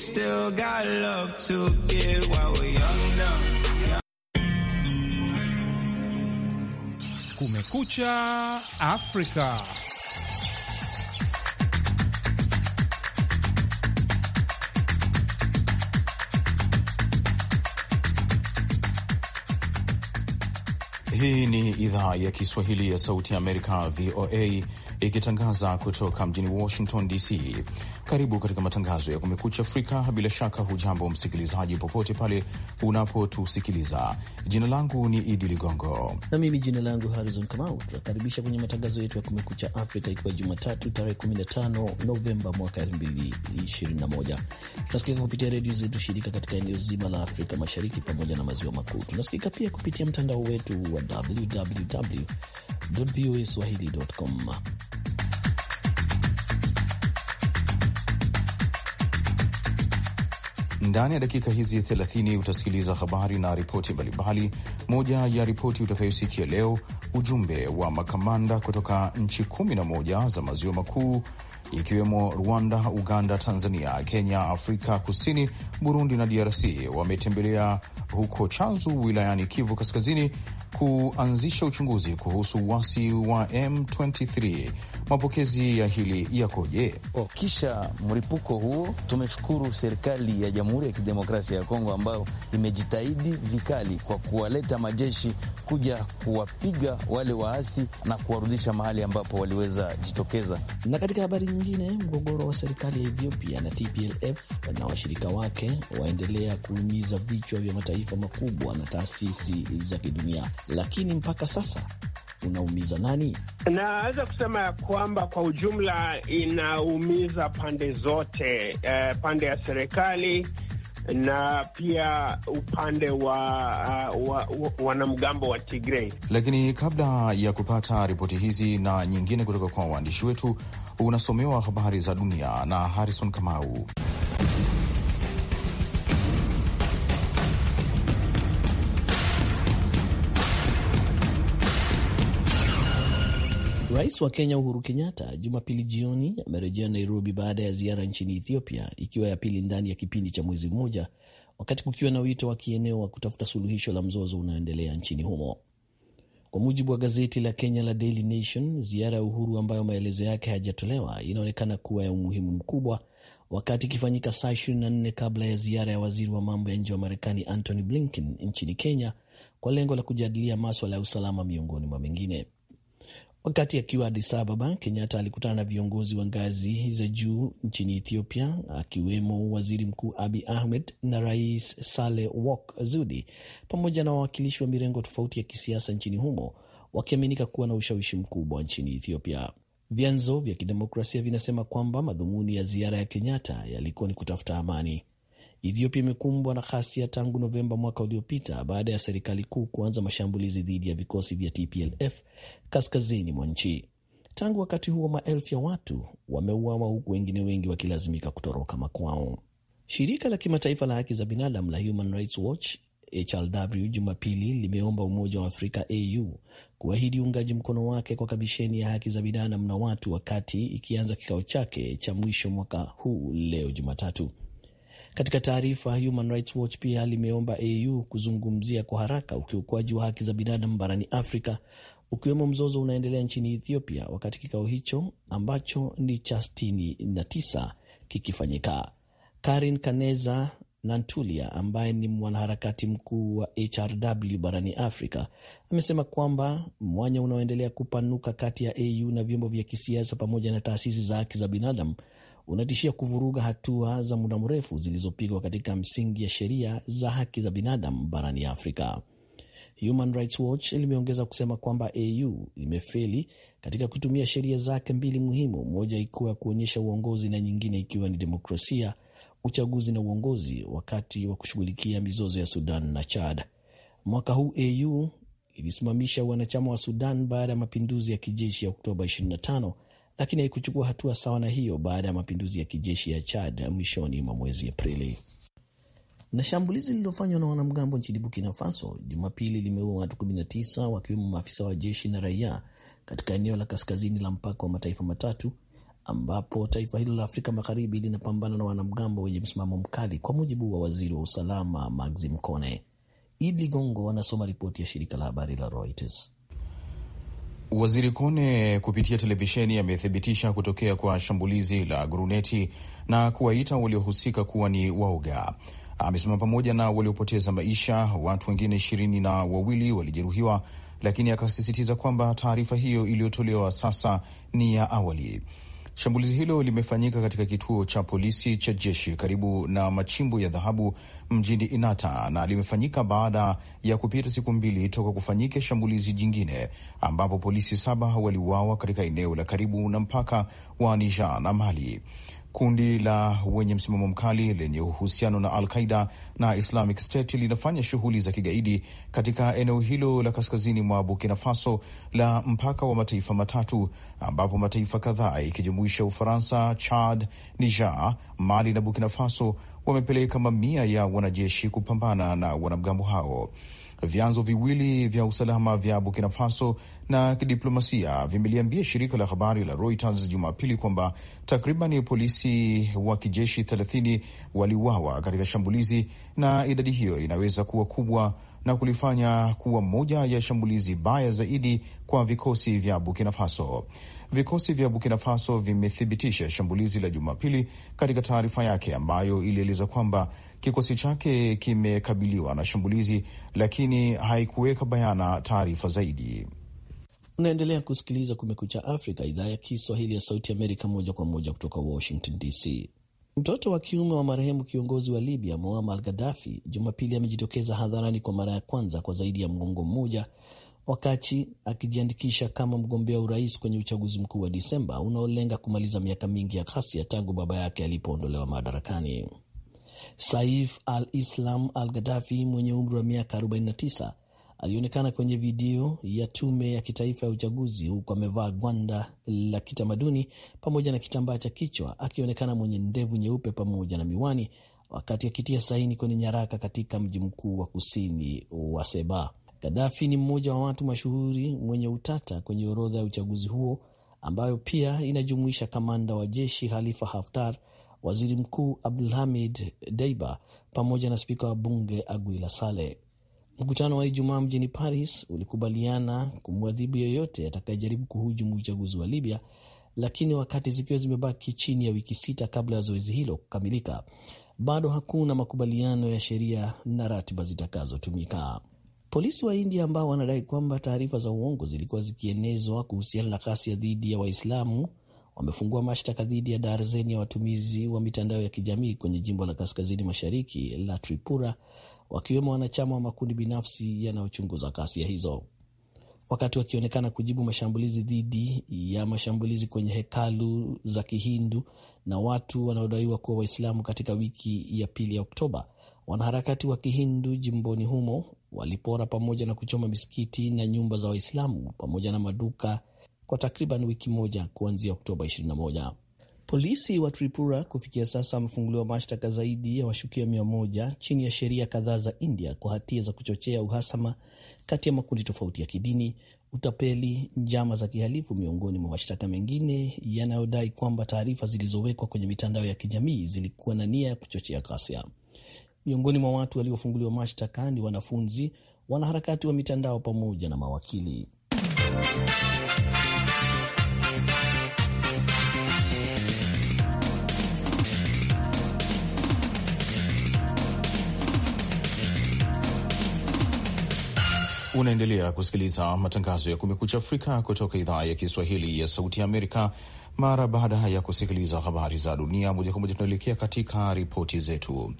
still got love to give while we're young, young. Kumekucha Afrika. Hii ni idhaa ya Kiswahili ya Sauti ya Amerika, VOA, ikitangaza kutoka mjini Washington DC. Karibu katika matangazo ya Kumekucha Afrika. Bila shaka, hujambo msikilizaji, popote pale unapotusikiliza. Jina langu ni Idi Ligongo na mimi jina langu harizon Kamau. Tunakaribisha kwenye matangazo yetu ya Kumekucha Afrika, ikiwa Jumatatu tarehe 15 Novemba mwaka 2021. Tunasikika kupitia redio zetu shirika katika eneo zima la Afrika Mashariki pamoja na maziwa makuu. Tunasikika pia kupitia mtandao wetu wa www voa Ndani ya dakika hizi 30 utasikiliza habari na ripoti mbalimbali. Moja ya ripoti utakayosikia leo, ujumbe wa makamanda kutoka nchi 11 za maziwa makuu ikiwemo Rwanda, Uganda, Tanzania, Kenya, Afrika Kusini, Burundi na DRC wametembelea huko Chanzu wilayani Kivu Kaskazini kuanzisha uchunguzi kuhusu uasi wa M23 Mapokezi ya hili yakoje? Oh, kisha mlipuko huo, tumeshukuru serikali ya Jamhuri ya Kidemokrasia ya Kongo ambayo imejitahidi vikali kwa kuwaleta majeshi kuja kuwapiga wale waasi na kuwarudisha mahali ambapo waliweza jitokeza. Na katika habari nyingine, mgogoro wa serikali ya Ethiopia na TPLF na washirika wake waendelea kuumiza vichwa vya mataifa makubwa na taasisi za kidunia, lakini mpaka sasa unaumiza nani? Naweza kusema ya kwamba kwa ujumla inaumiza pande zote, eh, pande ya serikali na pia upande wa uh, wanamgambo wa, wa, wa Tigrei. Lakini kabla ya kupata ripoti hizi na nyingine kutoka kwa waandishi wetu, unasomewa habari za dunia na Harrison Kamau. Rais wa Kenya Uhuru Kenyatta Jumapili jioni amerejea Nairobi baada ya ziara nchini Ethiopia, ikiwa ya pili ndani ya kipindi cha mwezi mmoja, wakati kukiwa na wito wa kieneo wa kutafuta suluhisho la mzozo unaoendelea nchini humo. Kwa mujibu wa gazeti la Kenya la Daily Nation, ziara ya Uhuru ambayo maelezo yake hayajatolewa inaonekana kuwa ya umuhimu mkubwa, wakati ikifanyika saa 24 kabla ya ziara ya waziri wa mambo ya nje wa Marekani Antony Blinken nchini Kenya kwa lengo la kujadilia maswala ya usalama miongoni mwa mengine. Wakati akiwa Addis Ababa, Kenyatta alikutana na viongozi wa ngazi za juu nchini Ethiopia, akiwemo waziri mkuu Abi Ahmed na rais Saleh Wok Zudi, pamoja na wawakilishi wa mirengo tofauti ya kisiasa nchini humo, wakiaminika kuwa na ushawishi mkubwa nchini Ethiopia. Vyanzo vya kidemokrasia vinasema kwamba madhumuni ya ziara ya Kenyatta yalikuwa ni kutafuta amani. Ethiopia imekumbwa na ghasia tangu Novemba mwaka uliopita baada ya serikali kuu kuanza mashambulizi dhidi ya vikosi vya TPLF kaskazini mwa nchi. Tangu wakati huo, maelfu ya watu wameuawa huku wengine wengi wakilazimika kutoroka makwao. Shirika la kimataifa la haki za binadamu la Human Rights Watch HRW Jumapili limeomba Umoja wa Afrika AU kuahidi uungaji mkono wake kwa kamisheni ya haki za binadamu na watu wakati ikianza kikao chake cha mwisho mwaka huu leo Jumatatu. Katika taarifa, Human Rights Watch pia limeomba AU kuzungumzia kwa haraka ukiukwaji wa haki za binadamu barani Afrika, ukiwemo mzozo unaendelea nchini Ethiopia, wakati kikao hicho ambacho ni cha 69 kikifanyika. Karin Kaneza Nantulia ambaye ni mwanaharakati mkuu wa HRW barani Afrika amesema kwamba mwanya unaoendelea kupanuka kati ya AU na vyombo vya kisiasa pamoja na taasisi za haki za binadamu unatishia kuvuruga hatua za muda mrefu zilizopigwa katika msingi ya sheria za haki za binadamu barani Afrika. Human Rights Watch limeongeza kusema kwamba AU imefeli katika kutumia sheria zake mbili muhimu, moja ikiwa kuonyesha uongozi na nyingine ikiwa ni demokrasia, uchaguzi na uongozi, wakati wa kushughulikia mizozo ya Sudan na Chad. Mwaka huu AU ilisimamisha wanachama wa Sudan baada ya mapinduzi ya kijeshi ya Oktoba lakini haikuchukua hatua sawa na hiyo baada ya mapinduzi ya kijeshi ya Chad mwishoni mwa mwezi Aprili. Na shambulizi lililofanywa na wanamgambo nchini Burkina Faso Jumapili limeua watu 19 wakiwemo maafisa wa jeshi na raia katika eneo la kaskazini la mpaka wa mataifa matatu ambapo taifa hilo la Afrika Magharibi linapambana na wanamgambo wenye msimamo mkali, kwa mujibu wa waziri wa usalama Maxim Kone. Idi Ligongo anasoma ripoti ya shirika la habari la Reuters. Waziri Kone kupitia televisheni amethibitisha kutokea kwa shambulizi la guruneti na kuwaita waliohusika kuwa ni waoga. Amesema pamoja na waliopoteza maisha, watu wengine ishirini na wawili walijeruhiwa, lakini akasisitiza kwamba taarifa hiyo iliyotolewa sasa ni ya awali. Shambulizi hilo limefanyika katika kituo cha polisi cha jeshi karibu na machimbo ya dhahabu mjini Inata na limefanyika baada ya kupita siku mbili toka kufanyika shambulizi jingine ambapo polisi saba waliuawa katika eneo la karibu na mpaka wa Niger na Mali. Kundi la wenye msimamo mkali lenye uhusiano na Al-Qaida na Islamic State linafanya shughuli za kigaidi katika eneo hilo la kaskazini mwa Burkina Faso la mpaka wa mataifa matatu, ambapo mataifa kadhaa ikijumuisha Ufaransa, Chad, Niger, Mali na Burkina Faso wamepeleka mamia ya wanajeshi kupambana na wanamgambo hao. Vyanzo viwili vya usalama vya Burkina Faso na kidiplomasia vimeliambia shirika la habari la Reuters Jumapili kwamba takriban polisi wa kijeshi 30 waliuawa katika shambulizi, na idadi hiyo inaweza kuwa kubwa na kulifanya kuwa moja ya shambulizi baya zaidi kwa vikosi vya Burkina Faso. Vikosi vya Burkina Faso vimethibitisha shambulizi la Jumapili katika taarifa yake ambayo ilieleza kwamba Kikosi chake kimekabiliwa na shambulizi, lakini haikuweka bayana taarifa zaidi. Unaendelea kusikiliza Kumekucha Afrika, idhaa ya Kiswahili ya Sauti Amerika, moja kwa moja kutoka Washington DC. Mtoto wa kiume wa marehemu kiongozi wa Libya Muammar Gaddafi Jumapili amejitokeza hadharani kwa mara ya kwanza kwa zaidi ya mgongo mmoja wakati akijiandikisha kama mgombea urais kwenye uchaguzi mkuu wa Disemba unaolenga kumaliza miaka mingi ya ghasia tangu baba yake alipoondolewa madarakani. Saif al-Islam al-Gaddafi mwenye umri wa miaka 49 alionekana kwenye video ya tume ya kitaifa ya uchaguzi huku amevaa gwanda la kitamaduni pamoja na kitambaa cha kichwa, akionekana mwenye ndevu nyeupe pamoja na miwani wakati akitia saini kwenye nyaraka katika mji mkuu wa kusini wa Seba. Gaddafi ni mmoja wa watu mashuhuri mwenye utata kwenye orodha ya uchaguzi huo ambayo pia inajumuisha kamanda wa jeshi Khalifa Haftar waziri mkuu Abdulhamid Deiba pamoja na spika wa bunge Aguila Saleh. Mkutano wa Ijumaa mjini Paris ulikubaliana kumwadhibu yeyote atakayejaribu kuhujumu uchaguzi wa Libya, lakini wakati zikiwa zimebaki chini ya wiki sita kabla ya zoezi hilo kukamilika, bado hakuna makubaliano ya sheria na ratiba zitakazotumika. Polisi wa India ambao wanadai kwamba taarifa za uongo zilikuwa zikienezwa kuhusiana na ghasia dhidi ya Waislamu wamefungua mashtaka dhidi ya darzeni ya watumizi wa mitandao ya kijamii kwenye jimbo la kaskazini mashariki la Tripura, wakiwemo wanachama wa makundi binafsi yanayochunguza ghasia hizo. Wakati wakionekana kujibu mashambulizi dhidi ya mashambulizi kwenye hekalu za Kihindu na watu wanaodaiwa kuwa Waislamu katika wiki ya pili ya Oktoba, wanaharakati wa Kihindu jimboni humo walipora pamoja na kuchoma misikiti na nyumba za Waislamu pamoja na maduka kwa takriban wiki moja kuanzia Oktoba 21. Polisi wa Tripura kufikia sasa wamefunguliwa mashtaka zaidi ya washukiwa mia moja chini ya sheria kadhaa za India kwa hatia za kuchochea uhasama kati ya makundi tofauti ya kidini, utapeli, njama za kihalifu, miongoni mwa mashtaka mengine yanayodai kwamba taarifa zilizowekwa kwenye mitandao ya kijamii zilikuwa na nia ya kuchochea ghasia. Miongoni mwa watu waliofunguliwa mashtaka ni wanafunzi, wanaharakati wa mitandao pamoja na mawakili. Unaendelea kusikiliza matangazo ya Kumekucha Afrika kutoka idhaa ya Kiswahili ya Sauti ya Amerika. Mara baada ya kusikiliza habari za dunia moja kwa moja, tunaelekea katika ripoti zetu.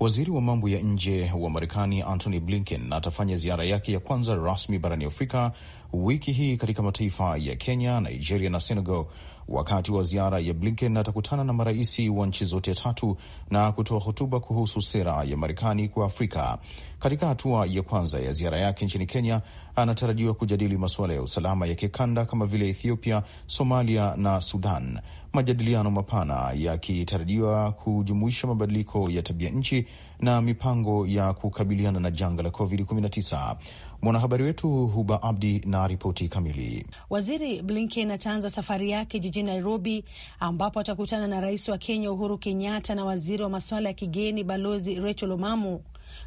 Waziri wa mambo ya nje wa Marekani Antony Blinken atafanya ziara yake ya kwanza rasmi barani Afrika wiki hii katika mataifa ya Kenya, Nigeria na Senegal, Wakati wa ziara ya Blinken atakutana na marais wa nchi zote tatu na kutoa hotuba kuhusu sera ya Marekani kwa Afrika. Katika hatua ya kwanza ya ziara yake nchini Kenya, anatarajiwa kujadili masuala ya usalama ya kikanda kama vile Ethiopia, Somalia na Sudan. Majadiliano mapana yakitarajiwa kujumuisha mabadiliko ya tabia nchi na mipango ya kukabiliana na janga la COVID-19. Mwanahabari wetu Huba Abdi na ripoti kamili. Waziri Blinken ataanza safari yake jijini Nairobi, ambapo atakutana na rais wa Kenya Uhuru Kenyatta na waziri wa masuala ya kigeni Balozi Rachel Omamu.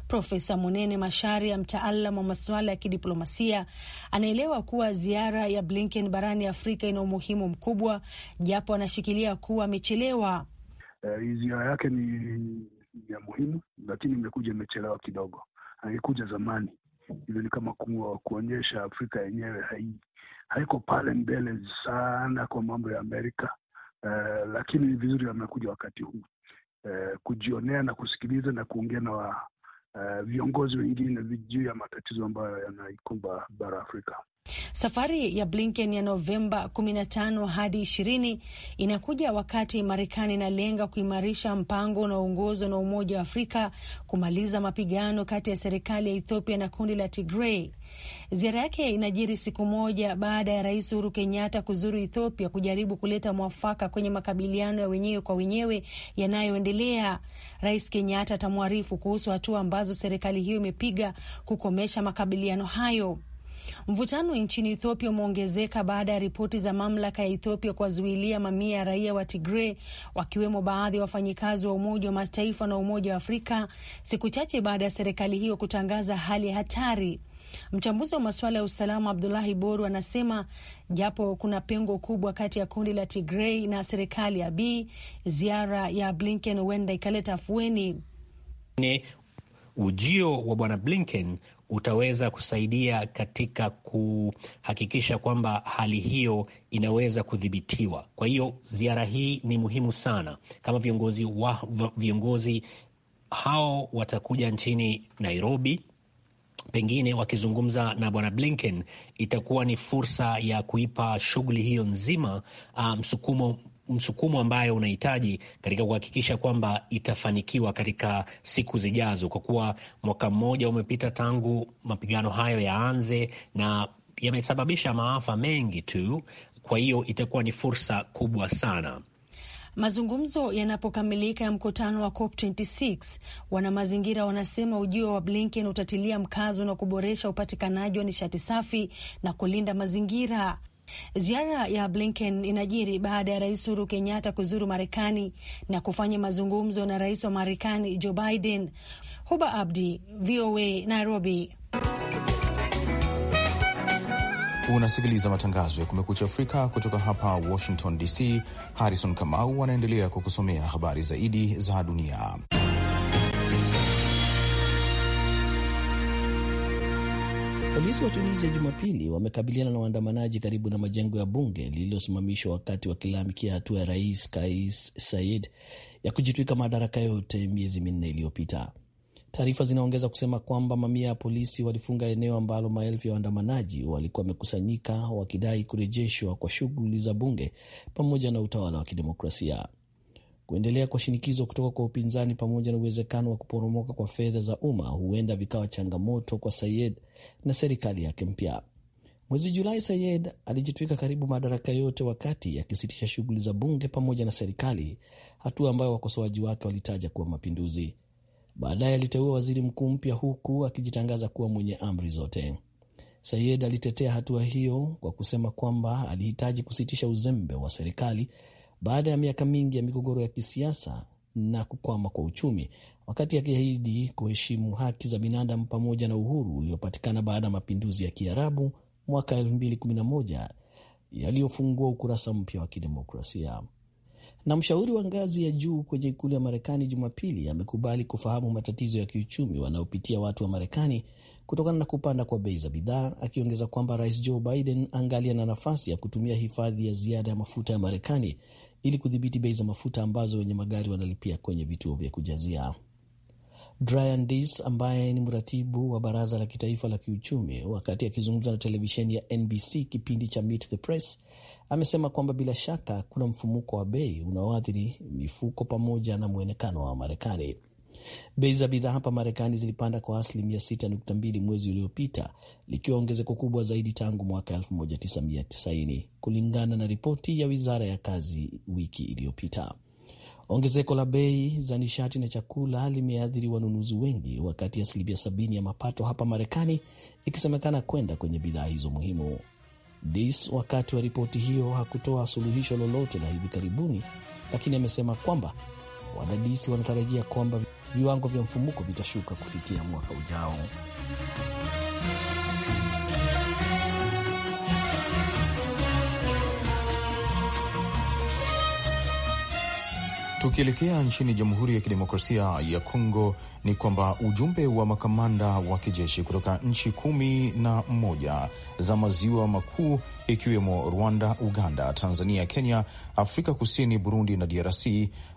Profesa Munene Masharia, mtaalam wa masuala ya kidiplomasia, anaelewa kuwa ziara ya Blinken barani Afrika ina umuhimu mkubwa, japo anashikilia kuwa amechelewa. Uh, ziara yake ni ya muhimu, lakini imekuja imechelewa kidogo, haikuja zamani. Hivyo ni kama kuonyesha Afrika yenyewe hai, haiko pale mbele sana kwa mambo ya Amerika. Uh, lakini ni vizuri amekuja wakati huu uh, kujionea na kusikiliza na kuongea na wa, uh, viongozi wengine juu ya matatizo ambayo yanaikumba bara Afrika. Safari ya Blinken ya Novemba 15 hadi 20 inakuja wakati Marekani inalenga kuimarisha mpango unaoongozwa na Umoja wa Afrika kumaliza mapigano kati ya serikali ya Ethiopia na kundi la tigrei Ziara yake inajiri siku moja baada ya Rais Uhuru Kenyatta kuzuru Ethiopia kujaribu kuleta mwafaka kwenye makabiliano ya wenyewe kwa wenyewe yanayoendelea. Rais Kenyatta atamwarifu kuhusu hatua ambazo serikali hiyo imepiga kukomesha makabiliano hayo. Mvutano nchini Ethiopia umeongezeka baada ya ripoti za mamlaka ya Ethiopia kuwazuilia mamia ya raia wa tigrei wakiwemo baadhi ya wafanyikazi wa Umoja wa Mataifa na Umoja wa Afrika siku chache baada ya serikali hiyo kutangaza hali ya hatari. Mchambuzi wa masuala ya usalama Abdulahi Boru anasema japo kuna pengo kubwa kati ya kundi la Tigrei na serikali ya Abiy, ziara ya Blinken huenda ikaleta afueni. Ujio wa bwana Blinken utaweza kusaidia katika kuhakikisha kwamba hali hiyo inaweza kudhibitiwa. Kwa hiyo ziara hii ni muhimu sana. Kama viongozi wa, viongozi hao watakuja nchini Nairobi pengine wakizungumza na bwana Blinken, itakuwa ni fursa ya kuipa shughuli hiyo nzima ah, msukumo um, msukumo ambayo unahitaji katika kuhakikisha kwamba itafanikiwa katika siku zijazo, kwa kuwa mwaka mmoja umepita tangu mapigano hayo yaanze na yamesababisha maafa mengi tu. Kwa hiyo itakuwa ni fursa kubwa sana. Mazungumzo yanapokamilika ya mkutano wa COP 26 wanamazingira wanasema ujio wa Blinken utatilia mkazo na kuboresha upatikanaji wa nishati safi na kulinda mazingira. Ziara ya Blinken inajiri baada ya rais Uhuru Kenyatta kuzuru Marekani na kufanya mazungumzo na rais wa Marekani Joe Biden. Huba Abdi, VOA, Nairobi. Unasikiliza matangazo ya Kumekucha Afrika kutoka hapa Washington DC. Harrison Kamau anaendelea kukusomea habari zaidi za dunia. Polisi wa Tunisia Jumapili wamekabiliana na waandamanaji karibu na majengo ya bunge lililosimamishwa wakati wakilalamikia hatua ya rais Kais Saied ya kujitwika madaraka yote miezi minne iliyopita. Taarifa zinaongeza kusema kwamba mamia ya polisi walifunga eneo ambalo maelfu ya waandamanaji walikuwa wamekusanyika wakidai kurejeshwa kwa shughuli za bunge pamoja na utawala wa kidemokrasia. Kuendelea kwa shinikizo kutoka kwa upinzani pamoja na uwezekano wa kuporomoka kwa fedha za umma huenda vikawa changamoto kwa Sayed na serikali yake mpya. Mwezi Julai, Sayed alijitwika karibu madaraka yote wakati akisitisha shughuli za bunge pamoja na serikali, hatua ambayo wakosoaji wake walitaja kuwa mapinduzi. Baadaye aliteua waziri mkuu mpya huku akijitangaza kuwa mwenye amri zote. Sayed alitetea hatua hiyo kwa kusema kwamba alihitaji kusitisha uzembe wa serikali baada ya miaka mingi ya migogoro ya kisiasa na kukwama kwa uchumi, wakati akiahidi kuheshimu haki za binadamu pamoja na uhuru uliopatikana baada ya mapinduzi ya Kiarabu mwaka 2011 yaliyofungua ukurasa mpya wa kidemokrasia. Na mshauri wa ngazi ya juu kwenye ikulu ya Marekani Jumapili amekubali kufahamu matatizo ya kiuchumi wanaopitia watu wa Marekani kutokana na kupanda kwa bei za bidhaa, akiongeza kwamba Rais Joe Biden angali ana nafasi ya kutumia hifadhi ya ziada ya mafuta ya Marekani ili kudhibiti bei za mafuta ambazo wenye magari wanalipia kwenye vituo vya kujazia. Brian Dees ambaye ni mratibu wa Baraza la Kitaifa la Kiuchumi, wakati akizungumza na televisheni ya NBC kipindi cha Meet the Press, amesema kwamba bila shaka kuna mfumuko wa bei unaoathiri mifuko pamoja na mwonekano wa Marekani. Bei za bidhaa hapa Marekani zilipanda kwa asilimia 6.2 mwezi uliopita, likiwa ongezeko kubwa zaidi tangu mwaka 1990 kulingana na ripoti ya wizara ya kazi wiki iliyopita. Ongezeko la bei za nishati na chakula limeathiri wanunuzi wengi, wakati asilimia 70 ya mapato hapa Marekani ikisemekana kwenda kwenye bidhaa hizo muhimu. Dis wakati wa ripoti hiyo hakutoa suluhisho lolote la hivi karibuni, lakini amesema kwamba Wadadisi wanatarajia kwamba viwango vya mfumuko vitashuka kufikia mwaka ujao. Tukielekea nchini Jamhuri ya Kidemokrasia ya Kongo ni kwamba ujumbe wa makamanda wa kijeshi kutoka nchi kumi na moja za maziwa makuu ikiwemo Rwanda, Uganda, Tanzania, Kenya, Afrika Kusini, Burundi na DRC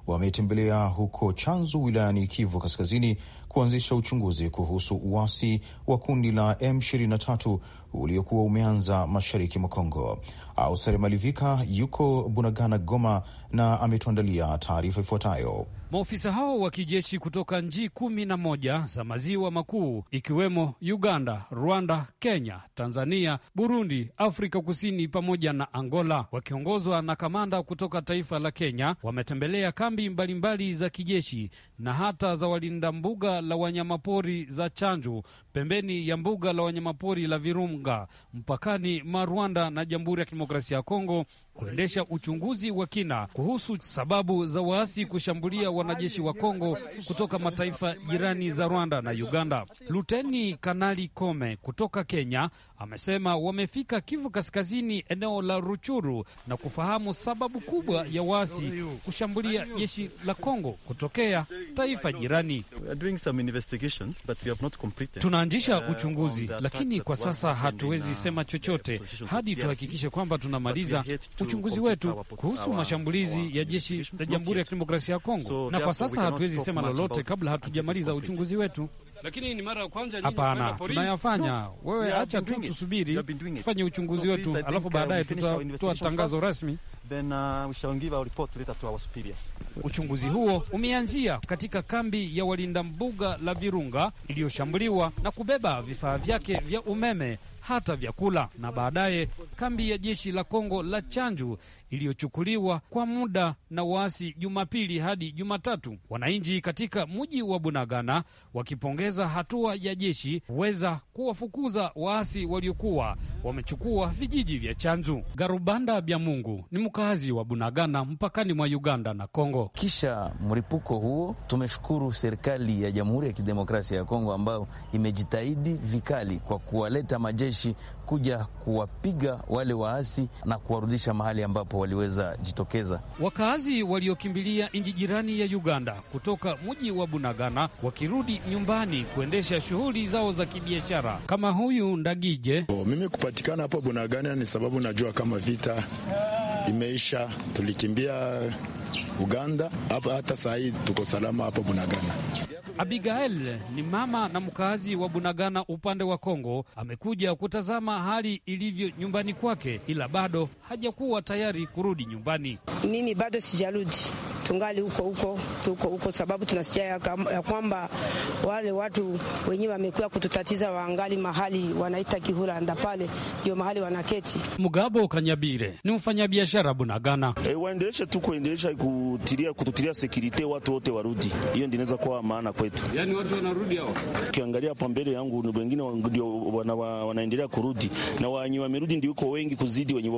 wametembelea huko Chanzu wilayani Kivu Kaskazini kuanzisha uchunguzi kuhusu uasi wa kundi la M23 uliokuwa umeanza mashariki mwa Kongo. Ausare Malivika yuko Bunagana, Goma, na ametuandalia taarifa ifuatayo. Maofisa hao wa kijeshi kutoka nchi kumi na moja za maziwa makuu ikiwemo Uganda, Rwanda, Kenya, Tanzania, Burundi, Afrika Kusini Kusini pamoja na Angola wakiongozwa na kamanda kutoka taifa la Kenya wametembelea kambi mbalimbali za kijeshi na hata za walinda mbuga la wanyamapori za Chanjo pembeni ya mbuga la wanyamapori la Virunga mpakani mwa Rwanda na Jamhuri ya Kidemokrasia ya Kongo kuendesha uchunguzi wa kina kuhusu sababu za waasi kushambulia wanajeshi wa Kongo kutoka mataifa jirani za Rwanda na Uganda. Luteni Kanali Kome kutoka Kenya amesema wamefika Kivu Kaskazini, eneo la Ruchuru, na kufahamu sababu kubwa ya waasi kushambulia jeshi la Kongo kutokea taifa jirani tumeanzisha uh, uchunguzi, lakini kwa sasa hatuwezi uh, sema chochote hadi tuhakikishe kwamba tunamaliza uchunguzi wetu kuhusu mashambulizi ya jeshi la Jamhuri ya Kidemokrasia ya Kongo, na kwa sasa hatuwezi sema lolote kabla hatujamaliza uchunguzi wetu. Lakini ni mara ya kwanza. Hapana, tunayafanya no. Wewe acha tu tusubiri tufanye uchunguzi wetu, alafu baadaye uh, tutatoa tangazo rasmi. Then, uh, we shall give our report later to our superiors. Uchunguzi huo umeanzia katika kambi ya walinda mbuga la Virunga iliyoshambuliwa na kubeba vifaa vyake vya umeme hata vyakula na baadaye kambi ya jeshi la Kongo la Chanju iliyochukuliwa kwa muda na waasi Jumapili hadi Jumatatu. Wananchi katika mji wa Bunagana wakipongeza hatua ya jeshi kuweza kuwafukuza waasi waliokuwa wamechukua vijiji vya chanju Garubanda bya Mungu ni wakazi wa Bunagana mpakani mwa Uganda na Kongo. Kisha mlipuko huo, tumeshukuru serikali ya Jamhuri ya Kidemokrasia ya Kongo ambayo imejitahidi vikali kwa kuwaleta majeshi kuja kuwapiga wale waasi na kuwarudisha mahali ambapo waliweza jitokeza. Wakazi waliokimbilia nchi jirani ya Uganda kutoka mji wa Bunagana wakirudi nyumbani kuendesha shughuli zao za kibiashara kama huyu Ndagije. mimi kupatikana hapo Bunagana ni sababu najua kama vita imeisha. Tulikimbia Uganda, hapa hata saa hii tuko salama hapa Bunagana. Abigail ni mama na mkazi wa Bunagana upande wa Kongo, amekuja kutazama hali ilivyo nyumbani kwake, ila bado hajakuwa tayari kurudi nyumbani. Mimi bado sijarudi tungali huko huko, tuko huko sababu tunasikia ya kwamba wale watu wenyewe wamekuwa kututatiza, waangali mahali wanaita Kihuranda pale, ndio mahali wanaketi. Mugabo Kanyabire ni mfanyabiashara Bunagana. E, waendeleshe tu kuendelesha kutiria kututiria sekurite, watu wote warudi, hiyo ndio inaweza kuwa maana kwetu. Yani watu wanarudi hao, ukiangalia hapa mbele yangu wengine ndio wana, wanaendelea kurudi na wanyi wamerudi ndio uko wengi kuzidi wenye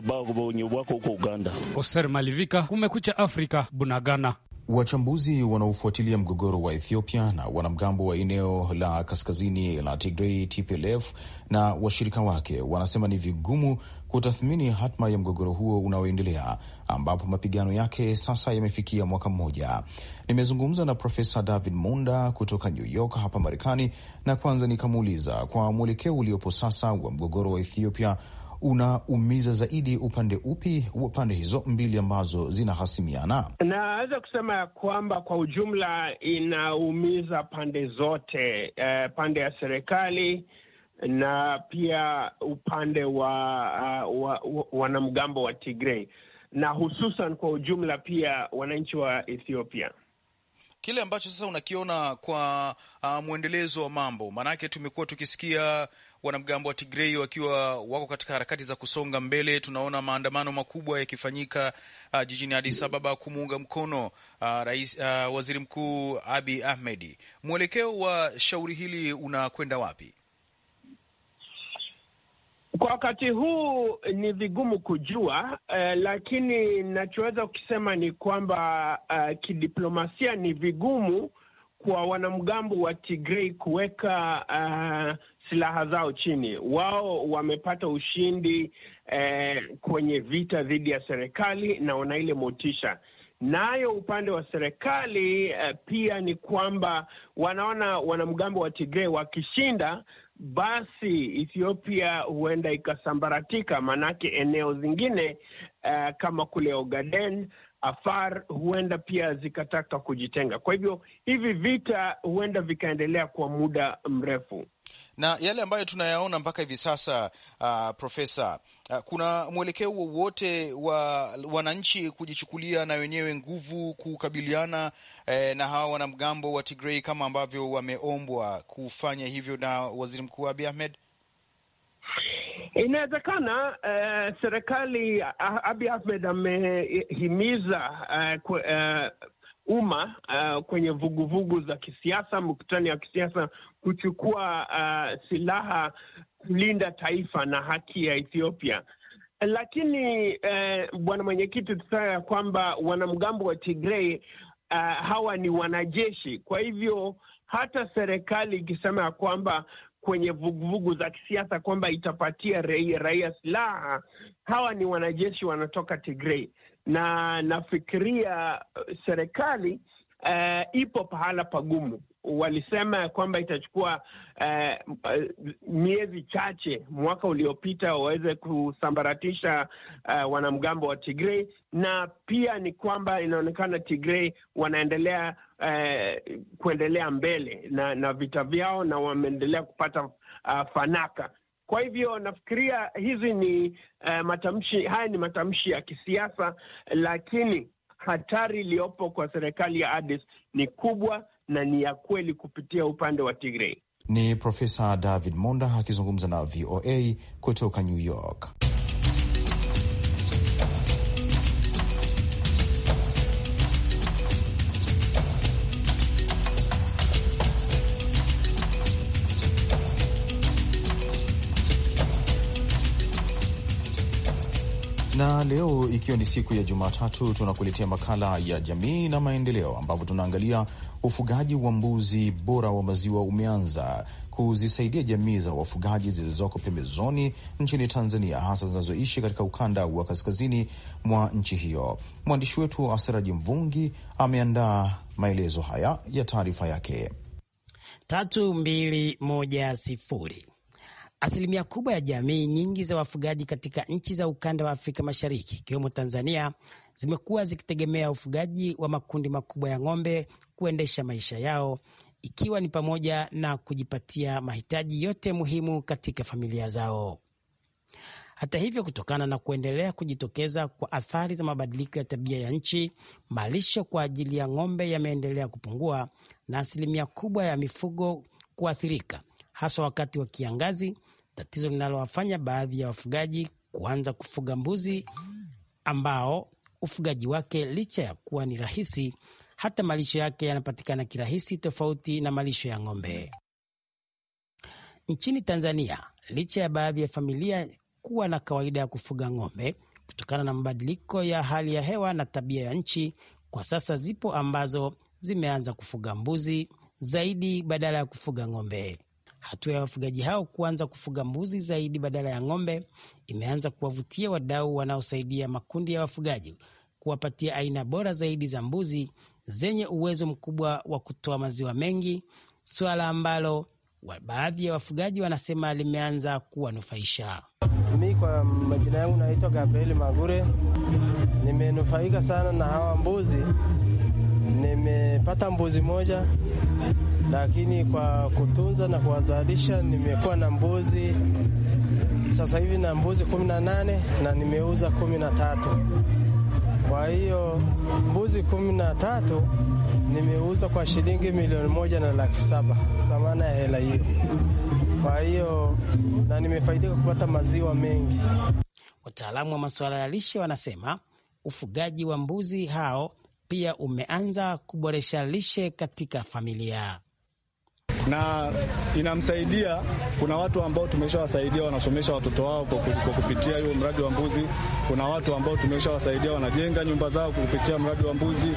wako huko Uganda. Oser Malivika, Kumekucha Afrika, Bunagana sana. Wachambuzi wanaofuatilia mgogoro wa Ethiopia na wanamgambo wa eneo la kaskazini la Tigray TPLF na washirika wake wanasema ni vigumu kutathmini hatma ya mgogoro huo unaoendelea ambapo mapigano yake sasa yamefikia mwaka mmoja. Nimezungumza na Profesa David Munda kutoka New York hapa Marekani, na kwanza nikamuuliza kwa mwelekeo uliopo sasa wa mgogoro wa Ethiopia unaumiza zaidi upande upi wa pande hizo mbili ambazo zinahasimiana? Naweza kusema ya kwamba kwa ujumla inaumiza pande zote, uh, pande ya serikali na pia upande wa uh, wanamgambo wa, wa, wa Tigrei na hususan kwa ujumla pia wananchi wa Ethiopia. Kile ambacho sasa unakiona kwa uh, mwendelezo wa mambo, maanake tumekuwa tukisikia wanamgambo wa Tigrei wakiwa wako katika harakati za kusonga mbele. Tunaona maandamano makubwa yakifanyika uh, jijini Addis Ababa kumuunga mkono uh, rais, uh, waziri mkuu Abi Ahmedi. Mwelekeo wa shauri hili unakwenda wapi? Kwa wakati huu ni vigumu kujua eh, lakini nachoweza kusema ni kwamba eh, kidiplomasia ni vigumu kwa wanamgambo wa Tigrei kuweka eh, silaha zao chini. Wao wamepata ushindi eh, kwenye vita dhidi ya serikali na wana ile motisha nayo upande wa serikali eh, pia ni kwamba wanaona wanamgambo wa Tigray wakishinda, basi Ethiopia huenda ikasambaratika, maanake eneo zingine eh, kama kule Ogaden, Afar huenda pia zikataka kujitenga. Kwa hivyo hivi vita huenda vikaendelea kwa muda mrefu na yale ambayo tunayaona mpaka hivi sasa uh, Profesa, uh, kuna mwelekeo wowote wa wananchi kujichukulia na wenyewe nguvu kukabiliana eh, na hawa wanamgambo wa Tigrei kama ambavyo wameombwa kufanya hivyo na Waziri Mkuu Abiy Ahmed? Inawezekana uh, serikali ah, Abiy Ahmed amehimiza uh, umma uh, kwenye vuguvugu vugu za kisiasa, mkutano wa kisiasa kuchukua uh, silaha kulinda taifa na haki ya Ethiopia. Lakini uh, bwana mwenyekiti, tusema ya kwamba wanamgambo wa Tigrei uh, hawa ni wanajeshi. Kwa hivyo hata serikali ikisema ya kwamba kwenye vuguvugu za kisiasa kwamba itapatia raia, raia silaha, hawa ni wanajeshi wanatoka Tigrei, na nafikiria uh, serikali uh, ipo pahala pagumu walisema kwamba itachukua uh, miezi chache mwaka uliopita waweze kusambaratisha uh, wanamgambo wa Tigrei, na pia ni kwamba inaonekana Tigrei wanaendelea uh, kuendelea mbele na, na vita vyao na wameendelea kupata uh, fanaka. Kwa hivyo nafikiria hizi ni uh, matamshi haya ni matamshi ya kisiasa, lakini hatari iliyopo kwa serikali ya Addis ni kubwa na ni ya kweli kupitia upande wa Tigray. Ni Profesa David Monda akizungumza na VOA kutoka New York. na leo ikiwa ni siku ya Jumatatu, tunakuletea makala ya jamii na maendeleo, ambapo tunaangalia ufugaji wa mbuzi bora wa maziwa umeanza kuzisaidia jamii za wafugaji zilizoko pembezoni nchini Tanzania, hasa zinazoishi katika ukanda wa kaskazini mwa nchi hiyo. Mwandishi wetu Aseraji Mvungi ameandaa maelezo haya ya taarifa yake. Tatu mbili moja sifuri. Asilimia kubwa ya jamii nyingi za wafugaji katika nchi za ukanda wa Afrika Mashariki ikiwemo Tanzania zimekuwa zikitegemea ufugaji wa makundi makubwa ya ng'ombe kuendesha maisha yao, ikiwa ni pamoja na kujipatia mahitaji yote muhimu katika familia zao. Hata hivyo, kutokana na kuendelea kujitokeza kwa athari za mabadiliko ya tabia ya nchi, malisho kwa ajili ya ng'ombe yameendelea kupungua na asilimia kubwa ya mifugo kuathirika, haswa wakati wa kiangazi tatizo linalowafanya baadhi ya wafugaji kuanza kufuga mbuzi ambao ufugaji wake licha ya kuwa ni rahisi, hata malisho yake yanapatikana kirahisi, tofauti na malisho ya ng'ombe. Nchini Tanzania, licha ya baadhi ya familia kuwa na kawaida ya kufuga ng'ombe, kutokana na mabadiliko ya hali ya hewa na tabia ya nchi, kwa sasa zipo ambazo zimeanza kufuga mbuzi zaidi badala ya kufuga ng'ombe. Hatua ya wafugaji hao kuanza kufuga mbuzi zaidi badala ya ng'ombe imeanza kuwavutia wadau wanaosaidia makundi ya wafugaji kuwapatia aina bora zaidi za mbuzi zenye uwezo mkubwa wa kutoa maziwa mengi, suala ambalo wa baadhi ya wafugaji wanasema limeanza kuwanufaisha. Mi kwa majina yangu naitwa Gabrieli Magure, nimenufaika sana na hawa mbuzi. Nimepata mbuzi moja lakini kwa kutunza na kuwazalisha nimekuwa na mbuzi sasa hivi na mbuzi kumi na nane na nimeuza kumi na tatu. Kwa hiyo mbuzi kumi na tatu nimeuza kwa shilingi milioni moja na laki saba thamana ya hela hiyo. Kwa hiyo na nimefaidika kupata maziwa mengi. Wataalamu wa masuala ya lishe wanasema ufugaji wa mbuzi hao pia umeanza kuboresha lishe katika familia na inamsaidia. Kuna watu ambao tumeshawasaidia wanasomesha watoto wao kwa kupitia hiyo mradi wa mbuzi. Kuna watu ambao tumeshawasaidia wanajenga nyumba zao kwa kupitia mradi wa mbuzi.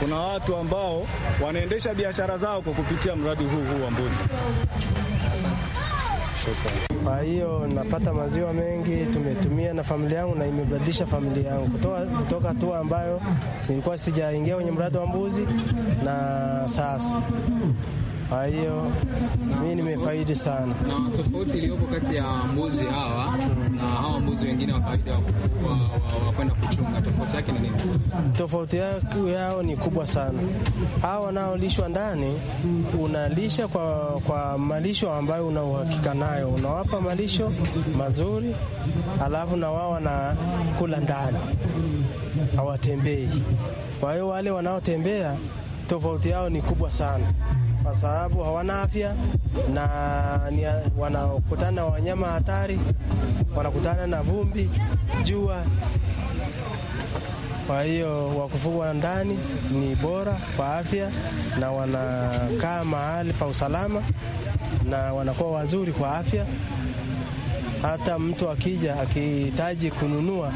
Kuna watu ambao wanaendesha biashara zao kwa kupitia mradi huu huu wa mbuzi. Kwa hiyo napata maziwa mengi, tumetumia na familia yangu, na imebadilisha familia yangu kutoka hatua ambayo nilikuwa sijaingia kwenye mradi wa mbuzi na sasa kwa hiyo mimi nimefaidi sana. Na tofauti iliyopo kati ya mbuzi hawa na hawa mbuzi wengine wa kawaida wa kufugwa wa kwenda kuchunga, tofauti yake ni nini? Tofauti yake yao ni kubwa sana. Hawa wanaolishwa ndani, unalisha kwa, kwa malisho ambayo una uhakika nayo, unawapa malisho mazuri, alafu na wao wanakula ndani, hawatembei. Kwa hiyo wale wanaotembea tofauti yao ni kubwa sana kwa sababu hawana afya na ni wanakutana na wanyama hatari, wanakutana na vumbi, jua. Kwa hiyo wakufugwa ndani ni bora kwa afya, na wanakaa mahali pa usalama na wanakuwa wazuri kwa afya. Hata mtu akija akihitaji kununua,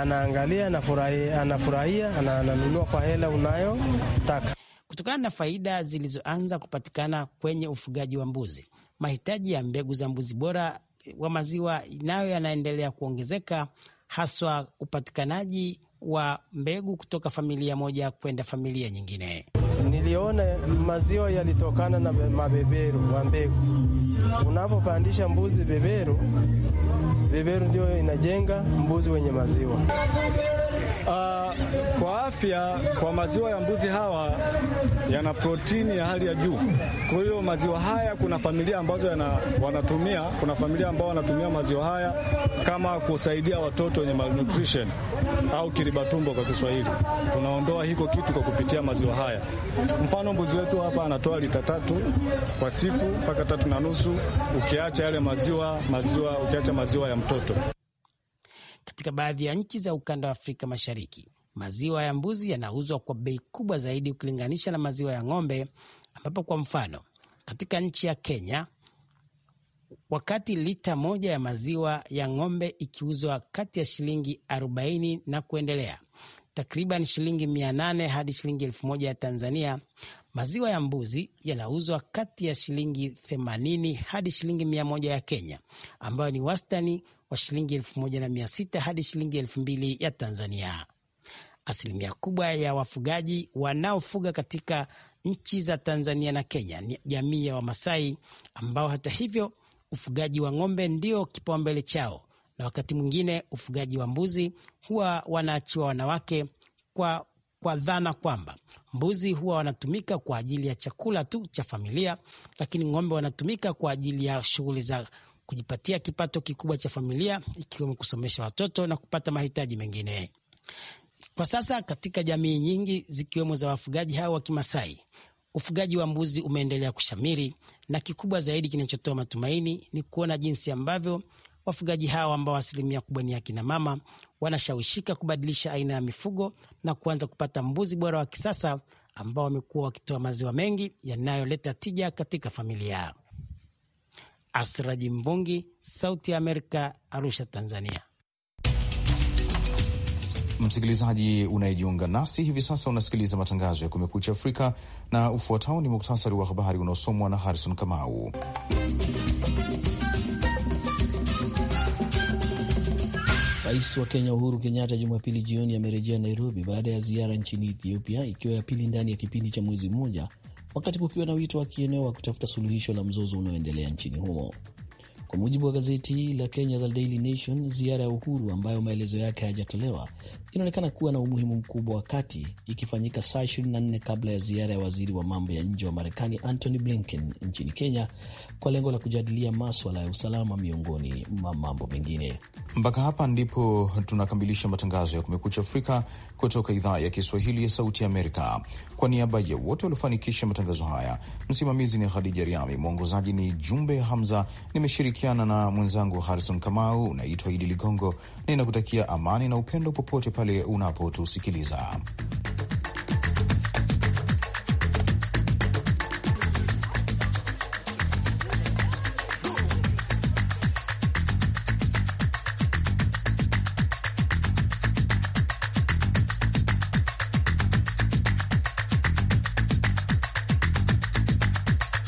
anaangalia, anafurahia, ananunua kwa hela unayotaka. Kutokana na faida zilizoanza kupatikana kwenye ufugaji wa mbuzi, mahitaji ya mbegu za mbuzi bora wa maziwa nayo yanaendelea kuongezeka, haswa upatikanaji wa mbegu kutoka familia moja kwenda familia nyingine. Niliona maziwa yalitokana na mabeberu wa mbegu. Unapopandisha mbuzi beberu, beberu ndio inajenga mbuzi wenye maziwa Uh, kwa afya, kwa maziwa ya mbuzi hawa yana protini ya hali ya juu. Kwa hiyo maziwa haya, kuna familia ambazo yana, wanatumia, kuna familia ambao wanatumia maziwa haya kama kusaidia watoto wenye malnutrition au kiribatumbo kwa Kiswahili. Tunaondoa hiko kitu kwa kupitia maziwa haya. Mfano, mbuzi wetu hapa anatoa lita tatu kwa siku mpaka tatu na nusu, ukiacha yale maziwa maziwa, ukiacha maziwa ya mtoto. Katika baadhi ya nchi za ukanda wa Afrika Mashariki, maziwa ya mbuzi yanauzwa kwa bei kubwa zaidi ukilinganisha na maziwa ya ng'ombe, ambapo kwa mfano katika nchi ya Kenya, wakati lita moja ya maziwa ya ng'ombe ikiuzwa kati ya shilingi 40 na kuendelea, takriban shilingi 800 hadi shilingi 1000 ya Tanzania, maziwa ya mbuzi yanauzwa kati ya shilingi 80 hadi shilingi 100 ya Kenya, ambayo ni wastani wa shilingi elfu moja na mia sita hadi shilingi elfu mbili ya Tanzania. Asilimia kubwa ya wafugaji wanaofuga katika nchi za Tanzania na Kenya ni jamii ya Wamasai ambao hata hivyo ufugaji wa ng'ombe ndio kipaumbele chao, na wakati mwingine ufugaji wa mbuzi huwa wanaachiwa wanawake kwa, kwa dhana kwamba mbuzi huwa wanatumika kwa ajili ya chakula tu cha familia, lakini ng'ombe wanatumika kwa ajili ya shughuli za kujipatia kipato kikubwa cha familia ikiwemo kusomesha watoto na kupata mahitaji mengine. Kwa sasa katika jamii nyingi zikiwemo za wafugaji hao wa Kimasai, ufugaji wa mbuzi umeendelea kushamiri, na kikubwa zaidi kinachotoa matumaini ni kuona jinsi ambavyo wafugaji hao ambao asilimia kubwa ni akina mama wanashawishika kubadilisha aina ya mifugo na kuanza kupata mbuzi bora wa kisasa ambao wamekuwa wakitoa maziwa mengi yanayoleta tija katika familia. Asraji Mbungi, Sauti ya Amerika, Arusha, Tanzania. Msikilizaji unayejiunga nasi hivi sasa, unasikiliza matangazo ya Kumekucha Afrika na ufuatao ni muktasari wa habari unaosomwa na Harrison Kamau. Rais wa Kenya Uhuru Kenyatta Jumapili jioni amerejea Nairobi baada ya ziara nchini Ethiopia, ikiwa ya pili ndani ya kipindi cha mwezi mmoja wakati kukiwa na wito wa kieneo wa kutafuta suluhisho la mzozo unaoendelea nchini humo. Kwa mujibu wa gazeti la Kenya la Daily Nation, ziara ya Uhuru ambayo maelezo yake hayajatolewa inaonekana kuwa na umuhimu mkubwa wakati ikifanyika saa 24 kabla ya ziara ya waziri wa mambo ya nje wa Marekani Antony Blinken nchini Kenya kwa lengo la kujadilia maswala ya usalama miongoni mwa mambo mengine. Mpaka hapa ndipo tunakamilisha matangazo ya Kumekucha Afrika kutoka idhaa ya Kiswahili ya Sauti Amerika. Kwa niaba ya wote waliofanikisha matangazo haya, msimamizi ni Khadija Riami, mwongozaji ni Jumbe Hamza, nimeshiriki kushirikiana na mwenzangu Harison Kamau. Unaitwa Idi Ligongo, ninakutakia amani na upendo popote pale unapotusikiliza.